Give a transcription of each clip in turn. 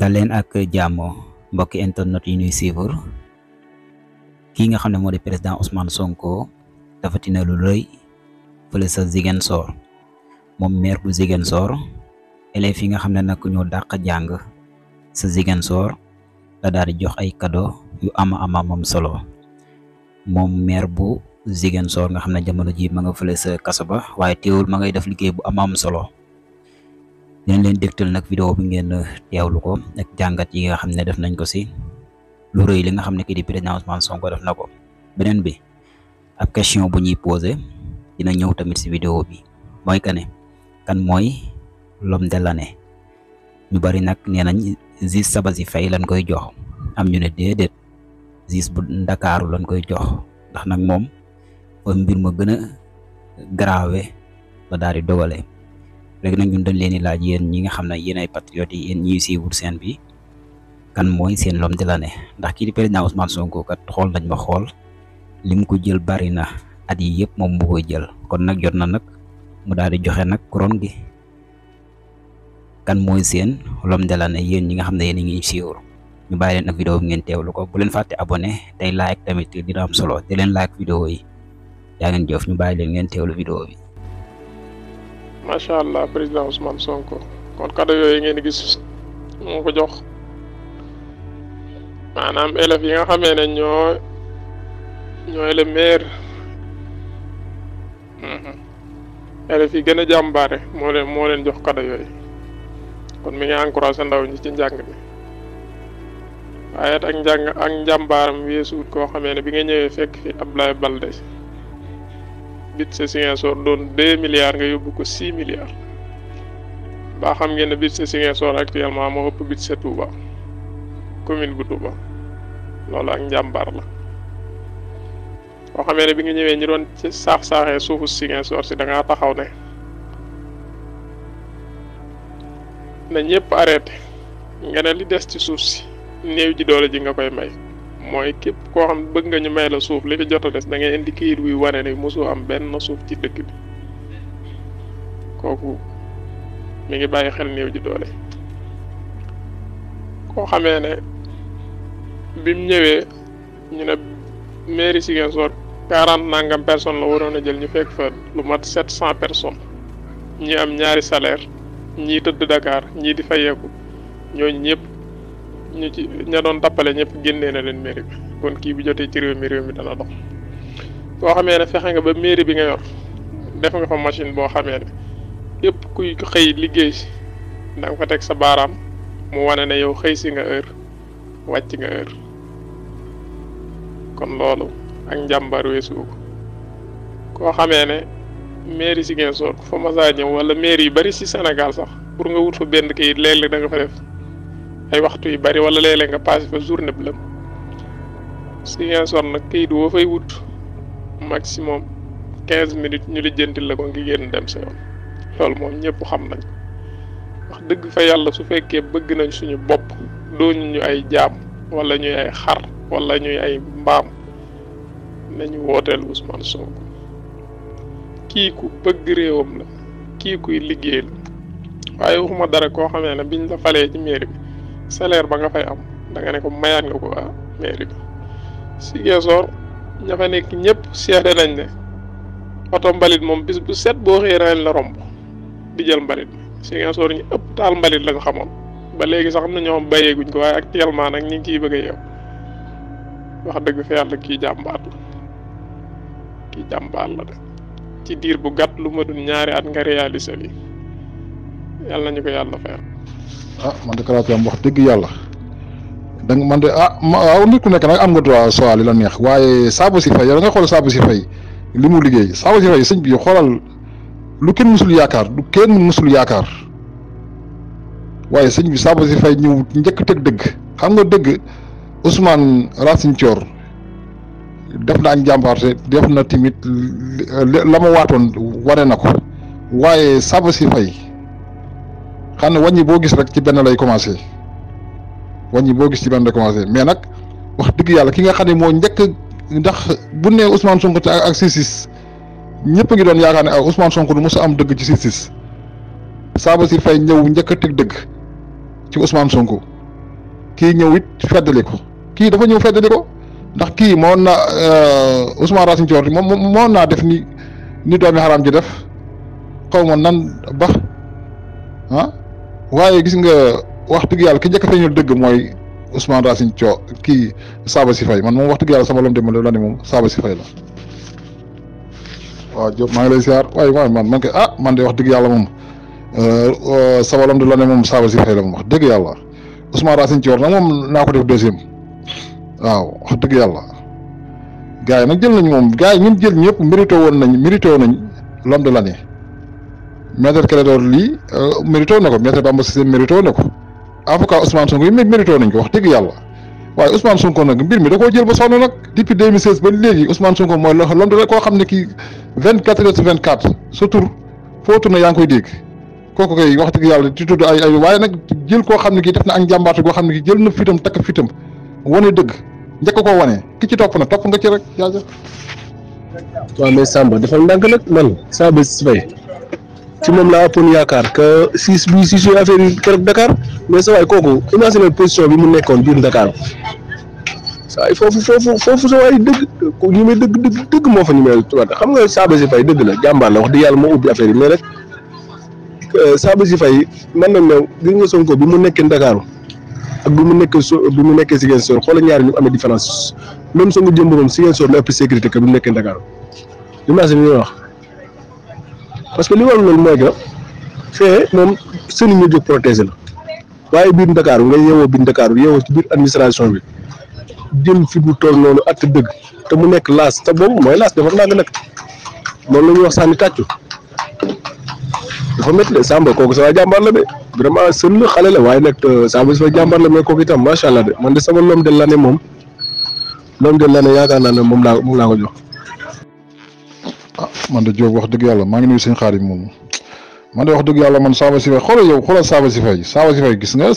dalen ak jamo mbokk internet yi ñuy suivre ki nga xamne modi president Osman Songko Ousmane Sonko tina lu Sor, fële sa Sor, mom maire bu sor élèves yi nga xamne nak ñoo dàq jang sa zigen sor da daari jox ay cadeau yu ama ama mom solo mom maire bu sor nga xamne jamono ji ma nga fele sa kasaba waye teewul ma ngay def liggey bu ama am solo dinañ leen dégtal nag vidéo bi ngeen uh, teewlu ko ak jàngat yi nga xam ne def nañ ko si lu rëy li nga xam ne kii di président Ousmane Sonko def na ko beneen bi ab question bu ñuy posé dina ñëw tamit si vidéo bi mooy que ne kan mooy l'homme de ne ñu bari nag nee nañ Ziz si Faye lañ koy jox am ñu ne déedéet Ziz bu Ndakaaru lañ koy jox ndax nag moom mbir ma gën a grave la daal di dogalee léegi nag ñun dañ leen di laaj yéen ñi nga xam ne yéen ay patriotes yi yéen ñiy siiwul seen bi kan mooy seen l'homme de l'année ndax kii di président Ousmane Sonko kat xool nañ ma xool lim ko jël bari na at yi yëpp moom mu jël kon nag jot na nag mu daal di joxe nag couronne gi kan mooy seen l'homme de ne yéen ñi nga xam ne yéen a ngi siiwul ñu bàyyi leen ak vidéo bi ngeen teewlu ko bu leen fàtte abonné tey like tamit dina am solo di leen like vidéo yi yaa ñu bàyyi leen ngeen teewlu vidéo bi. macha allah président Ousmane Sonko kon cadeau yooyu ngeen gis moo ko jox maanaam élèves yi nga xamee ne ñoo ñooy le maire mhm. élèves yi gën a jàmbaare moo leen moo leen jox cadeau yooyu kon mi ngi encouragé ndaw ñi ci njàng bi waaye ak njàng ak njàmbaaram weesuut koo xamee ne bi nga ñëwee fekk ab Abdoulaye Balde bit budget Ziguinchor doon 2 milliards nga yóbbu ko 6 milliards ba xam ngeen ne budget Ziguinchor actuellement moo ëpp budget Touba commune bu Touba loolu ak njàmbaar la boo xamee ne bi nga ñëwee ñu doon ci saax saaxee suufu Ziguinchor si da ngaa taxaw ne na ñëpp arrêté nga ne li des ci suuf si néew ji doole ji nga koy may mooy képp koo xam bëgg nga ñu may la suuf li fi jot a des da ngay indi kayit wuy wane ne mosoo am benn suuf ci dëkk bi kooku mu ngi bàyyi xel néew ji doole koo xamee ne bim ñëwee ñu ne mairie Ziguinchor quarante nangam personnes la waroon a jël ñu fekk fa lu mat sept cent personnes ñi am ñaari salaire ñii tëdd dakaar ñii di fayeeku ñooñu ñëpp ñu ci ña doon tappale ñëpp génnee na leen mairie bi kon kii bu jotee ci réew mi réew mi dana dox soo xamee ne fexe nga ba mairie bi nga yor def nga fa machine boo xamee ne yëpp kuy xëy liggéey si da fa teg sa baaraam mu wane ne yow xëy si nga heure wàcc nga heure kon loolu ak njàmbar weesu ko koo xamee ne mairie si ngeen soor ma masaa ñëw wala mairie yu bari si Sénégal sax pour nga wut fa benn kayit léeg-léeg da fa def ay waxtu yu bari wala léeg nga passé fa journée bi la Ziguinchor nag kayit woo fay wut maximum quinze minutes ñu lijjanti la ko ngi génn dem sa yoon loolu moom ñëpp xam nañ wax dëgg fa yàlla su fekkee bëgg nañ suñu bopp dooñu ñu ay jaam walla ñuy ay xar wala ñuy ay mbaam nañu wooteel Ousmane Sonko kii ku bëgg réewam la kii kuy liggéeyal waaye waxuma dara koo xamee ne biñ la falee ci mairie bi salaire ba nga fay ya am da nga ne ko mayat nga ko waa mairie bi Ziguinchor ña fa nekk ñëpp seede nañ ne oto mbalit moom bis bu set boo xëyee nañ la romb di jël mbalit Ziguinchor ñi ëpp taal mbalit la nga xamoon ba léegi sax am na ñoom bàyyeeguñ ko waaye actuellement nag ñu ngi ciy bëgg a yeew wax dëgg fi yàlla kii jàmbaat la kii jàmbaat la de ci diir bu gàtt lu ma dun ñaari at nga réaliser li yàlla nañu ko yàlla fayal ah man de Kara Thiam wax dëgg yàlla da man de ah ma ku nekk nag am nga droit soit li la neex waaye Saabu si fay yow da nga xool Saabu si fay li mu liggéey Saabu si fay sëñ bi xoolal lu kenn mësul yaakaar lu kenn mësul yaakaar waaye sëñ bi Saabu si fay ñëw njëkk teg dëgg xam nga dëgg Ousmane Racine Thior def na ak jàmbaarte def na tamit la ma waatoon wane na ko waaye Saabu si fay. xamne wañi bo gis rek ci ben lay commencé wañi bo gis ci ben lay commencé mais nak wax deug yalla ki nga xamne mo moo ndax bu ne Ousmane Sonko ak ak 6 ñepp ñëpp ngi doon yaakaar ne ak Ousmane Sonko du mos am deug ci 6 sa ba ci fay ñew a teg deug ci Ousmane Sonko ki ñew it feddali ko kii dafa ñew feddali ko ndax ki mo na euh Ousmane Racine Thior mo na def ni ni doomi haram ji def xawma nan ba ah waaye gis nga wax dëgg yàlla ki njëkk a feeñal dëgg mooy Ousmane Racine Thio kii Saba si Faye man moom wax dëgg yàlla sama lom dem la ne moom Saba si Faye la waaw Diop maa ngi lay siyaar waaye waaye man man ke ah man de wax dëgg yàlla moom euh, euh, sama lom la ne moom Saba si Faye la moom wax dëgg yàlla Ousmane Racine Thio nag moom naa ko def deuxième waaw wax dëgg yàlla gars yi nag jël nañ moom gars yi ñun jël ñëpp mérité woon nañ mérité woon nañ l'homme de l'année maître Clédor lii euh, mérito na ko maître Bamba Cissé mérito na ko avocat Ousmane Sonko yi mérito nañ ko wax dëgg yàlla waaye Ousmane Sonko nag mbir mi da koo jël ba sonn nag depuis 2016 ba léegi Ousmane Sonko mooy loxo lom da koo xam ne kii 24 heures sur 24 sa tur foo tur na yaa ngi koy dégg kooku koy wax dëgg yàlla di tudd ay ay waaye nag jël koo xam ne kii def na ak njàmbaatu goo xam ne kii jël na fitam takk fitam wane dëgg njëkk koo wone ki ci topp na topp nga ci rek jaajëf. waaw mais Samba dafa ndànk nag man Samba Faye ci moom laa ëppoon yaakaar que siis bi si suñu affaire yi keroog Dakar mais sa waay kooku imaginer position bi mu nekkoon biir Dakar sa waay foofu foofu foofu sa waay dëgg dëgg dëgg dëgg moo fa ñu may tubaab xam nga Sabassy si dëgg la jàmbaar wax dëgg yàlla moo ubbi affaire yi rek euh, Sabassy si Faye man na ne gis nga Sonko bi mu nekkee Dakar ak bi mu nekkee so bi mu nekkee Ziguinchor xoolal ñaari ñu amee différence même Sonko jëm borom Ziguinchor la ëpp sécurité que bi mu nekkee Dakar imaginer li wax. parce que li waral loolu mooy que fee moom sëriñ ñu jóg protéger la waaye biir Ndakaaru nga yeewoo biir Ndakaaru yeewoo ci biir administration bi jël fi bu toll noonu at dëgg te mu nekk laas te boobu mooy laas dafa nag nag moom la ñuy wax sànni tàccu dafa sa waa la de vraiment sën la la waaye nag euh, Samba sa jàmbaar la mais kooku itam macha allah de man de sama lom yaakaar naa ne moom laa moom laa ko jox. ah man de Diop wax dëgg yàlla maa ngi nuyu sëñ xaadim moomu man de wax dëgg yàlla man Saba si fay xoolal yow xoolal Saba si fay Saba gis nga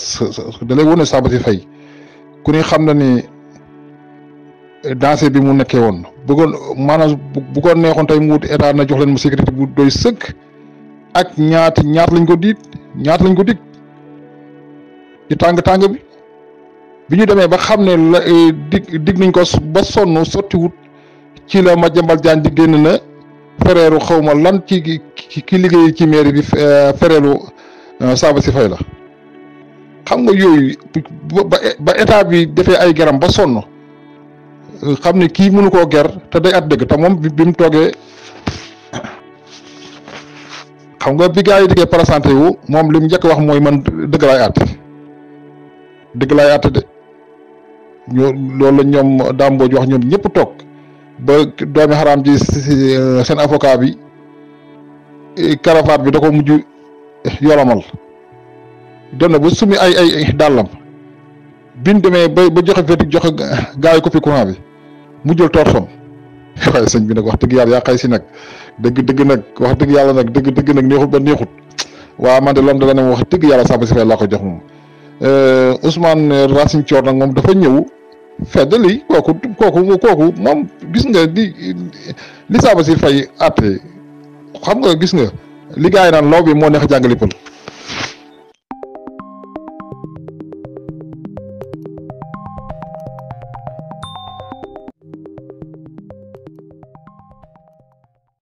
da lay Saba si fay ku ne xam na ni eh, bi mu nekkee woon bëggoon maanaam bu tey mu na jox leen mu sécurité bu doy sëkk ñaata ñaata lañ ko diit ñaat lañ ko dig ci tàng-tàng bi bi ñu demee ba xam ne la eh, nañ ko ba sonn sottiwut ci la ma jambal jaan di génn na ferelu xawma lan ci ki liggey ci mairie bi eh, ferelu eh, saaba ci fay la xam nga yoy ba état bi defé ay garam ba sonn xam ki kii mënu ko ger te day at deug te mom bim mu xam nga bi gaay digé wu mom lim wax moy man deug lay at deug lay at de ñoo loolu ñom dambo Dame wax ba doomi xaraam ji seen avocat bi cravate eh, bi da ko mujj yolomal dem na ba sumi ay ay dàllam biñ demee ba ba joxe verdict joxe gaa yi ko bi mu jël torsom waaye sëñ bi nag wax dëgg yàlla xay si nag dëgg dëgg nag wax dëgg yàlla nag dëgg dëgg nag neexut ba neexut waaw man de loolu da la ne wax dëgg yàlla sàmm si fay laa ko jox moom eh, Ousmane Racine Thior nag moom dafa ñëw. feddali kooku kooku kooku moom gis nga li li Sabassy Faye àtte xam nga gis nga li gars yi naan law bi moo neex a jàngali pël